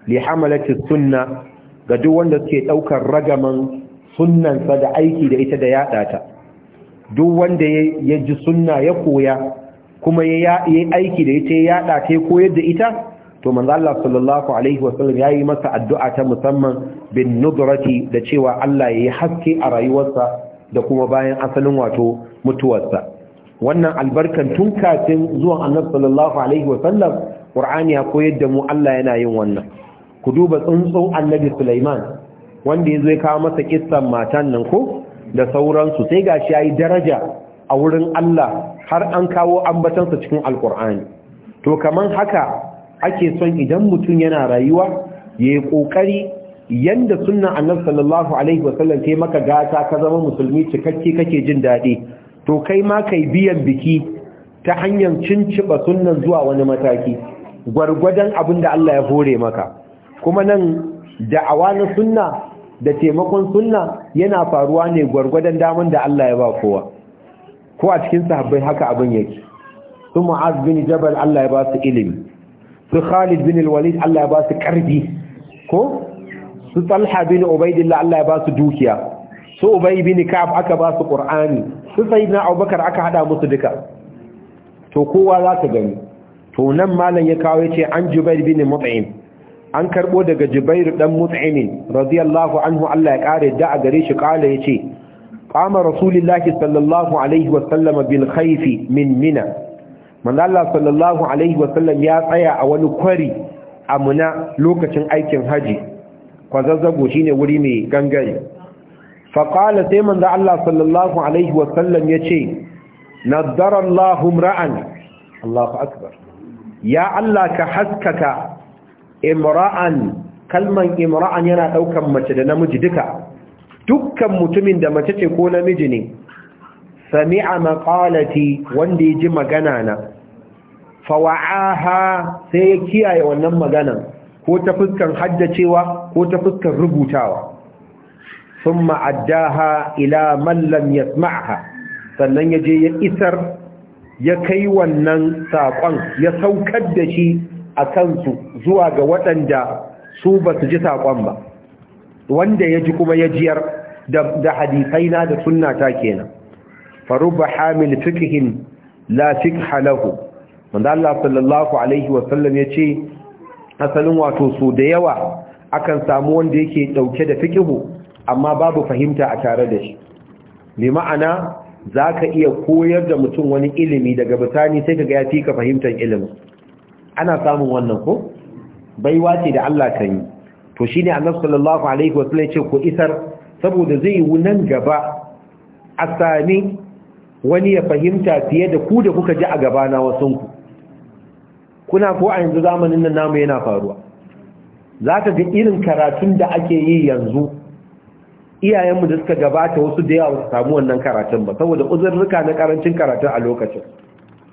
li hamalati sunna ga duk wanda suke daukar ragaman sunnansa da aiki da ita da yada ta duk wanda ya ji sunna ya koya kuma ya aiki da ita ya yada ta koyar da ita to manzo Allah sallallahu alaihi wasallam yayi masa addu'a ta musamman bin nudrati da cewa Allah yayi haske a rayuwarsa da kuma bayan asalin wato mutuwarsa wannan albarkan tun kafin zuwan Annabi sallallahu alaihi wasallam Qur'ani ya koyar da mu Allah yana yin wannan ku duba tsuntsu annabi Sulaiman wanda ya zo ya kawo masa kissan matan nan ko da sauransu sai gashi ya yi daraja a wurin Allah har an kawo ambatansa cikin alkur'ani to kamar haka ake son idan mutum yana rayuwa ya yi ƙoƙari yanda sunna annabi sallallahu alaihi wasallam ke maka gata ka zama musulmi cikakke kake jin daɗi to kai ma kai biyan biki ta hanyar cinciɓa sunnan zuwa wani mataki gwargwadon abin da Allah ya hore maka kuma nan da'awa na sunna da taimakon sunna yana faruwa ne gwargwadon daman da Allah ya ba kowa ko a cikin sahabbai haka abin yake su mu'az bin jabal Allah ya ba su ilimi su khalid bin walid Allah ya ba su karfi ko su talha bin ubaidillah Allah ya ba su dukiya su ubay bin ka'ab aka ba su qur'ani su sayyidina abubakar aka hada musu duka to kowa za ka gani to nan malam ya kawo yace an jubair bin mut'im an karbo daga Jibairu dan mut'im radiyallahu anhu Allah ya kare da a gare shi kala yace qama rasulullahi sallallahu alaihi wa sallam bil khayfi min mina manzo sallallahu alaihi wa sallam ya tsaya a wani kwari a muna lokacin aikin haji kwazazzabo shine wuri mai gangare fa qala sai manzo Allah sallallahu alaihi wa sallam yace nadara Allahu ra'an Allahu akbar ya Allah ka haskaka imra'an kalman imra'an yana daukan mace da namiji duka dukkan mutumin da mace ce ko namiji ne sami'a maqalati wanda yaji magana na fawa'aha sai ya kiyaye wannan maganan ko ta fuskan haddacewa ko ta fuskan rubutawa thumma addaha ila man lam yasma'ha sannan yaje ya isar ya kai wannan sakon ya saukar da shi a kansu zuwa ga waɗanda su ba su ji saƙon ba wanda ya ji kuma ya jiyar da na da sunnata kenan ba hamil fikihin la halahu. lahu wanda Allah sallallahu alaihi wasallam ya ce asalin wato su da yawa akan samu wanda yake ɗauke da fikihu amma babu fahimta a tare da shi bi ma'ana za ka iya koyar da mutum wani ilimi daga bisani sai ka ga ya fi ka fahimtar ilimin ana samun wannan ko baiwa ce da Allah kan yi to shine annabi sallallahu alaihi sallam ya ce ku isar saboda zai yi nan gaba a sami wani ya fahimta fiye da ku da kuka ji a gaba gabana Ku kuna ko a yanzu zamanin nan namu yana faruwa za ka ga irin karatun da ake yi yanzu iyayenmu da suka gabata wasu da yawa su samu wannan karatun ba saboda uzurruka na karancin karatun a lokacin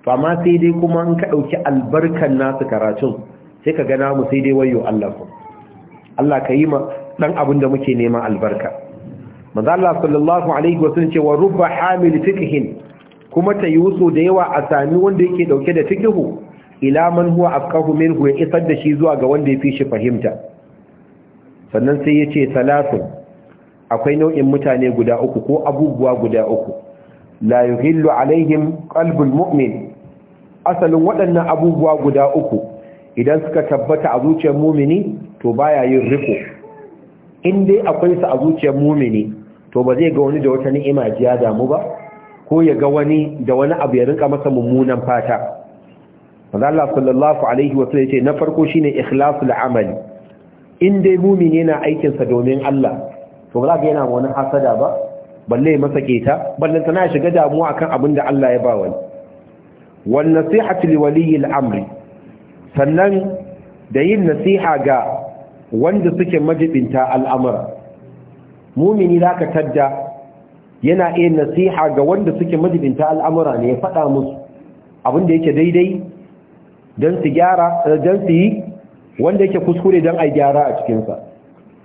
fama sai dai kuma in ka ɗauki albarkan nasu karatu sai ka gana mu sai dai wayo Allah ku Allah ka yi ma ɗan abin da muke nema albarka manzo Allah sallallahu alaihi wasallam ce wa rubba hamil fiqhin kuma ta yuso da yawa a sami wanda yake ɗauke da fikihu ila man huwa afqahu minhu ya isar da shi zuwa ga wanda ya fi shi fahimta sannan sai yace salatun akwai nau'in mutane guda uku ko abubuwa guda uku la yuhillu alaihim qalbul mu'min asalin waɗannan abubuwa guda uku idan suka tabbata a zuciyar mumini to baya yin riko in dai akwai su a zuciyar mumini to ba zai ga wani da wata ni'ima ji damu ba ko ya ga wani da wani abu ya rinka masa mummunan fata manzo Allah sallallahu alaihi wa sallam yace na farko shine ikhlasul amali in dai mumini yana aikin sa domin Allah to ba za ka yana wani hasada ba balle masa keta balle tana shiga damuwa akan abin da Allah ya ba wani Wal nasiha li waliyil amri sannan da yin nasiha ga wanda suke majibinta al'amura mumini ka tadda yana iya nasiha ga wanda suke majibinta al'amura ne ya faɗa musu abin da yake daidai don su gyara don su yi wanda yake kuskure don a gyara a cikinsa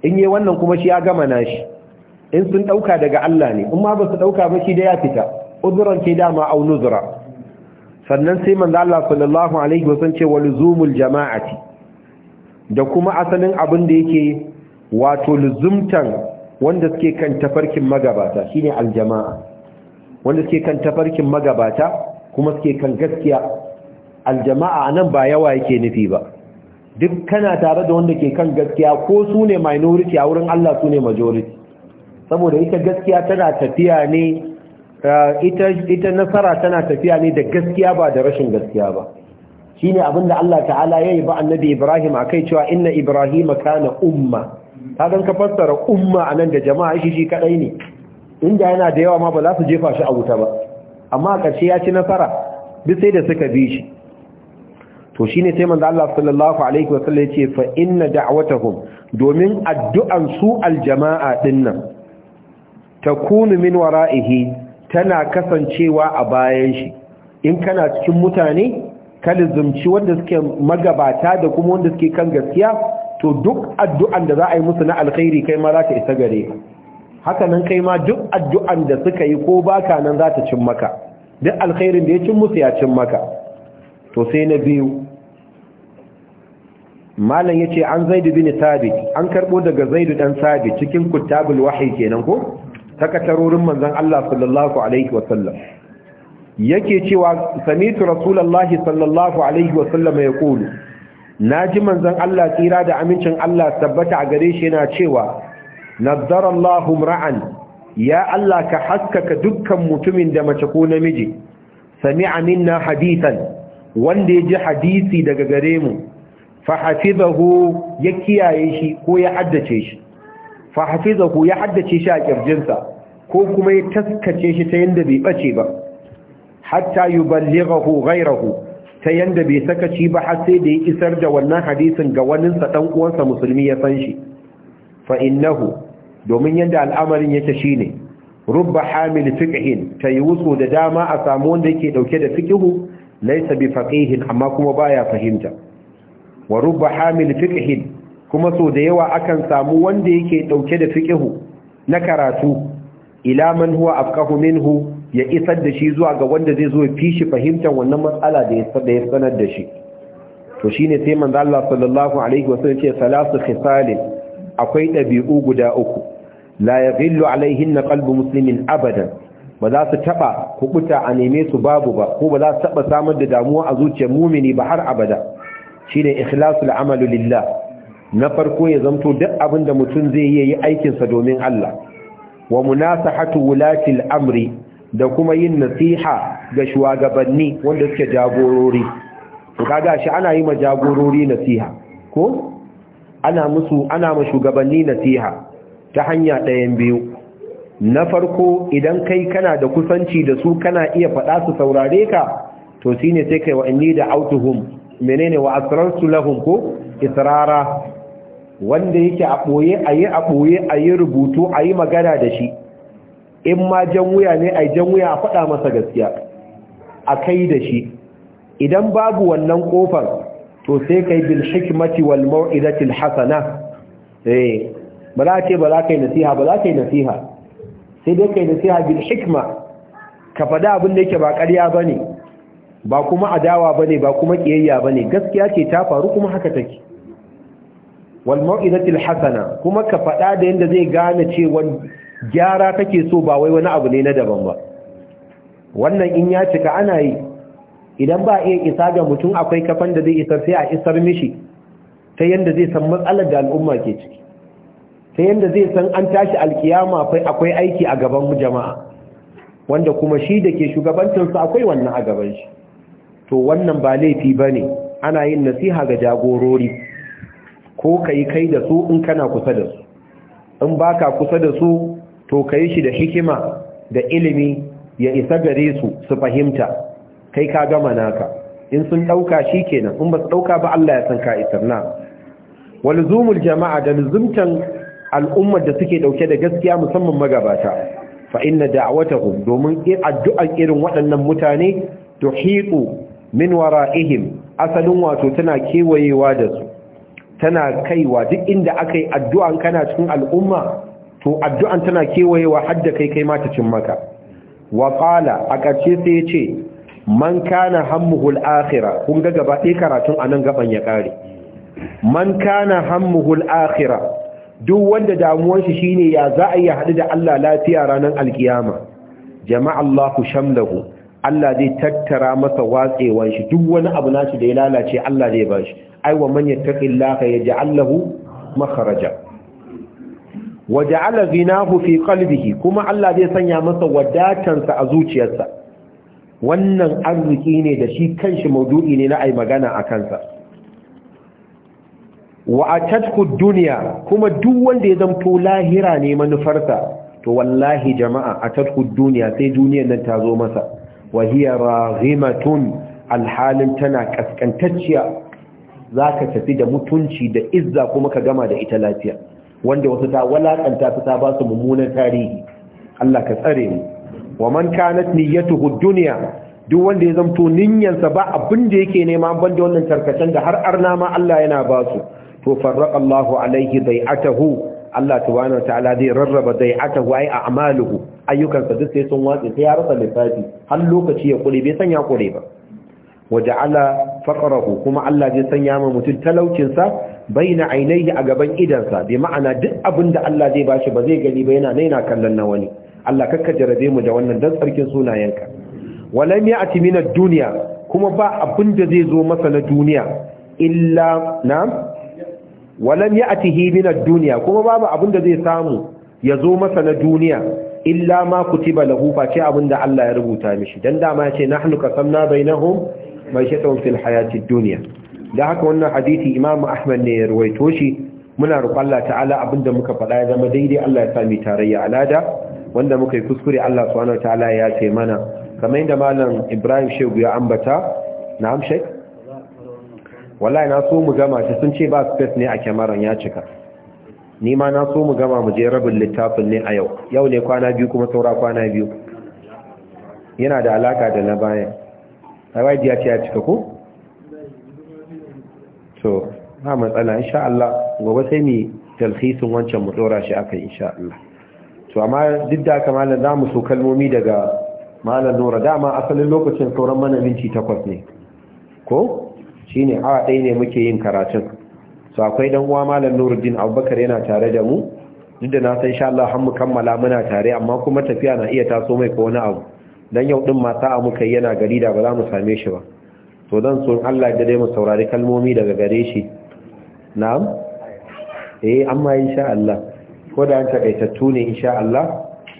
in yi wannan kuma shi ya gama nashi in sun ɗauka daga Allah ne in ma ba su ɗauka ba shi da ya fita uzuran ke dama au nuzura sannan sai manzo Allah sallallahu alaihi wasallam ce wa luzumul jama'ati da kuma asalin abin da yake wato luzumtan wanda suke kan tafarkin magabata shine aljama'a wanda suke kan tafarkin magabata kuma suke kan gaskiya aljama'a nan ba yawa yake nufi ba duk kana tare da wanda ke kan gaskiya ko su ne minority a wurin Allah su ne majority saboda ita gaskiya tana tafiya ne Eh, ita nasara tana tafiya ne da gaskiya ba da rashin gaskiya ba ne abinda Allah ta'ala ya yi ba annabi Ibrahim a kai cewa inna Ibrahim kana umma kagan ka fassara umma anan da jama'a shi shi kadai ne inda yana da yawa ma ba za su jefa shi a wuta ba amma karshe ya ci nasara duk sai da suka bi shi to shine sai manzo Allah sallallahu alaihi wa sallam yace fa inna da'watahum domin addu'an su aljama'a dinnan takunu min wara'ihi tana kasancewa a bayan shi in kana cikin mutane ka wanda suke magabata da kuma wanda suke kan gaskiya to duk addu'an da za a yi musu na alkhairi kai ma za ka isa gare haka nan kai ma duk addu'an da suka yi ko baka nan za ta cin maka duk alkhairin da ya cin musu ya cin maka to sai na biyu malam yace an zaidu bin sabit an karɓo daga zaidu ɗan sabit cikin kutabul wahyi kenan ko takatarorin manzon Allah sallallahu alaihi wasallam yake cewa samitu rasulullahi sallallahu alaihi wasallam ya kulu naji manzon Allah tsira da amincin Allah tabbata a gare shi yana cewa nazzara Allahu ra'an ya Allah ka haskaka dukkan mutumin da mace ko namiji sami aminna hadithan wanda ya ji hadisi daga gare mu fa hafizahu ya kiyaye shi ko ya addace shi fa ya haddace shi a kirjinsa ko kuma ya taskace shi ta yanda bai bace ba hatta yuballighahu ghayrahu ta yanda bai sakaci ba har sai da ya isar da wannan hadisin ga waninsa dan uwansa musulmi ya san shi fa innahu domin yanda al'amarin yake shine rubba hamil fiqhin tayusu da dama a samu wanda yake dauke da fiqhu laysa bi faqihin amma kuma baya fahimta wa rubba hamil fiqhin kuma so da yawa akan samu wanda yake dauke da fiqihu na karatu ila man huwa afqahu minhu ya isar da shi zuwa ga wanda zai zo ya fi shi fahimtar wannan matsala da ya sanar da shi to shine sai manzo Allah sallallahu alaihi wasallam ce salasu khisalin akwai dabi'u guda uku la yaghillu na qalbu muslimin abadan ba za su taba kubuta a neme su babu ba ko ba za su taba samar da damuwa a zuciyar mumini ba har abada shine ikhlasul amalu lillah na farko ya zamto duk abin da mutum zai yi aikinsa domin Allah wa munasahatu wulatil amri da kuma yin nasiha ga shugabanni wanda suke jagorori kaga shi ana yi ma jagorori nasiha ko ana musu ana ma shugabanni nasiha ta hanya ɗayan biyu na farko idan kai kana da kusanci da su kana iya faɗa su saurare ka to shine sai kai wa inni da autuhum menene wa asrar lahum ko israra wanda yake a ɓoye a yi a ɓoye a yi rubutu a yi magana da shi in ma jan wuya ne a yi jan wuya a faɗa masa gaskiya a kai da shi idan babu wannan ƙofar to sai kai bil hikmati wal mau'izatil hasana eh ba za ce ba za kai nasiha ba za kai nasiha sai dai kai nasiha bil hikma ka faɗa abin da yake ba ƙarya bane ba kuma adawa bane ba kuma kiyayya bane gaskiya ce ta faru kuma haka take wal mau'izatil hasana kuma ka faɗa da yanda zai gane cewa gyara kake so ba wai wani abu ne na daban ba wannan in ya cika ana yi idan ba iya isa ga mutum akwai kafan da zai isar sai a isar mishi ta yanda zai san matsalar da al'umma ke ciki ta yanda zai san an tashi alkiyama akwai aiki a gaban jama'a wanda kuma shi da ke shugabancinsu akwai wannan a gaban shi to wannan ba laifi ba ana yin nasiha ga jagorori ko ka yi kai da su in kana kusa da su in baka kusa da su to ka yi shi da hikima da ilimi ya isa gare su su fahimta kai ka gama naka in sun ɗauka shi kenan in ba su ɗauka ba Allah ya san ka isarna na walzumul jama'a da luzumtan al'ummar da suke ɗauke da gaskiya musamman magabata fa inna da'awatahum domin addu'an irin waɗannan mutane tuhiqu min wara'ihim asalin wato tana kewayewa da su tana kaiwa duk inda aka yi addu'an kana cikin al'umma to addu'an tana kewayewa hadda kai kai mata cin maka wa ƙala a ƙarshe sai ya ce man kana hammuhul akhira kun ga gaba ɗaya karatun a nan gaban ya ƙare man kana hammuhul akhira duk wanda damuwarsa shine ya za a yi haɗu da Allah lafiya ranar alkiyama jama'a Allahu shamlahu Allah zai tattara masa watsewar shi duk wani abu nasu da ya lalace Allah zai ba shi ai wa man ya yaj'al lahu makharaja Waje ala ghinahu fi qalbihi kuma Allah zai sanya masa wadatansa a zuciyarsa wannan arziki ne da shi kanshi maudu'i ne na ai magana a kansa wa atatku dunya kuma duk wanda ya zamto lahira ne manufarsa to wallahi jama'a atatku dunya sai duniyar nan ta zo masa wa hiya raghimatun alhalin tana kaskantacciya za ka tafi da mutunci da izza kuma ka gama da ita lafiya wanda wasu ta walakanta su ta ba su mummunan tarihi Allah ka tsare mu wa man kanat niyyatuhu dunya duk wanda ya zamto ninyansa ba abin da yake nema ban da wannan tarkacen da har arna ma Allah yana ba su to farraqa Allahu alaihi bai'atahu Allah subhanahu zai rarraba bai'atahu ai a'maluhu ayyukansa duk sai sun watsi sai ya rasa lissafi har lokaci ya kure bai sanya kure ba waja'ala faqrahu kuma Allah zai sanya ma mutum talaucin sa baina ainihi a gaban idansa bai ma'ana duk abin da Allah zai bashi ba zai gani ba yana naina kallon na wani Allah kakka jarabe mu da wannan dan tsarkin sunayenka walam ya'ti min ad kuma ba abin da zai zo masa na duniya illa na walam ya'tihi kuma babu abin da zai samu ya zo masa na duniya illa ma kutiba lahu ce abin da Allah ya rubuta mishi dan dama ya ce nahnu qasamna bainahum Mai maishatan fil hayati duniya da haka wannan hadisi imam ahmad ne ya ruwaito shi muna roƙon Allah ta'ala abinda muka faɗa ya zama daidai Allah ya sami tarayya alada wanda muka yi kuskure Allah subhanahu ta'ala ya ce mana kamar yadda malam Ibrahim Shehu ya ambata na'am Sheikh wallahi na so mu gama shi sun ce ba space ne a kyamaran ya cika ni ma na so mu gama mu je rabin littafin ne a yau yau ne kwana biyu kuma saura kwana biyu yana da alaka da na bayan rawaji ya ce ya cika ko to na matsala insha Allah gobe sai mu talhisin wancan mu tsora shi akai insha Allah to amma duk da aka malar za mu so kalmomi daga malam Nura dama asalin lokacin sauran mana minti takwas ne ko Shi ne awa ɗaya ne muke yin karatun so akwai dan uwa malam Nuruddin Abubakar yana tare da mu duk da na san insha Allah har mu kammala muna tare amma kuma tafiya na iya taso mai ko wani abu dan yau din ma sa'a muka yana gari da ba za mu same shi ba to dan sun Allah da dai mu saurari kalmomi daga gare shi na'am eh amma insha Allah ko da an takaitattu ne insha Allah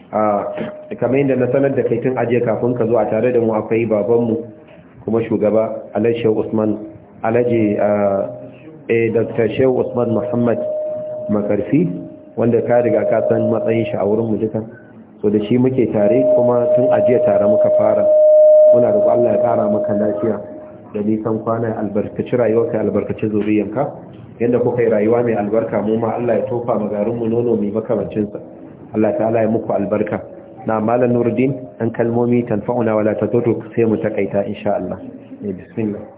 a kamar yadda na sanar da kai tun aje kafin ka zo a tare da mu akwai baban mu kuma shugaba Alhaji Usman Alhaji eh Dr. Shehu Usman Muhammad Makarfi wanda ka riga ka san matsayin shi a wurin mu dukan so da shi muke tare kuma tun ajiya tare muka fara muna da Allah ya kara maka lafiya da nisan kwana albarkaci rayuwarka albarkaci zuriyanka yadda kuka yi rayuwa mai albarka mu ma Allah ya tofa magarin mu nono mai makamancin Allah ta'ala ya muku albarka na malam Nuruddin an kalmomi tanfa'una wala tadudu sai mu takaita insha Allah eh, bismillah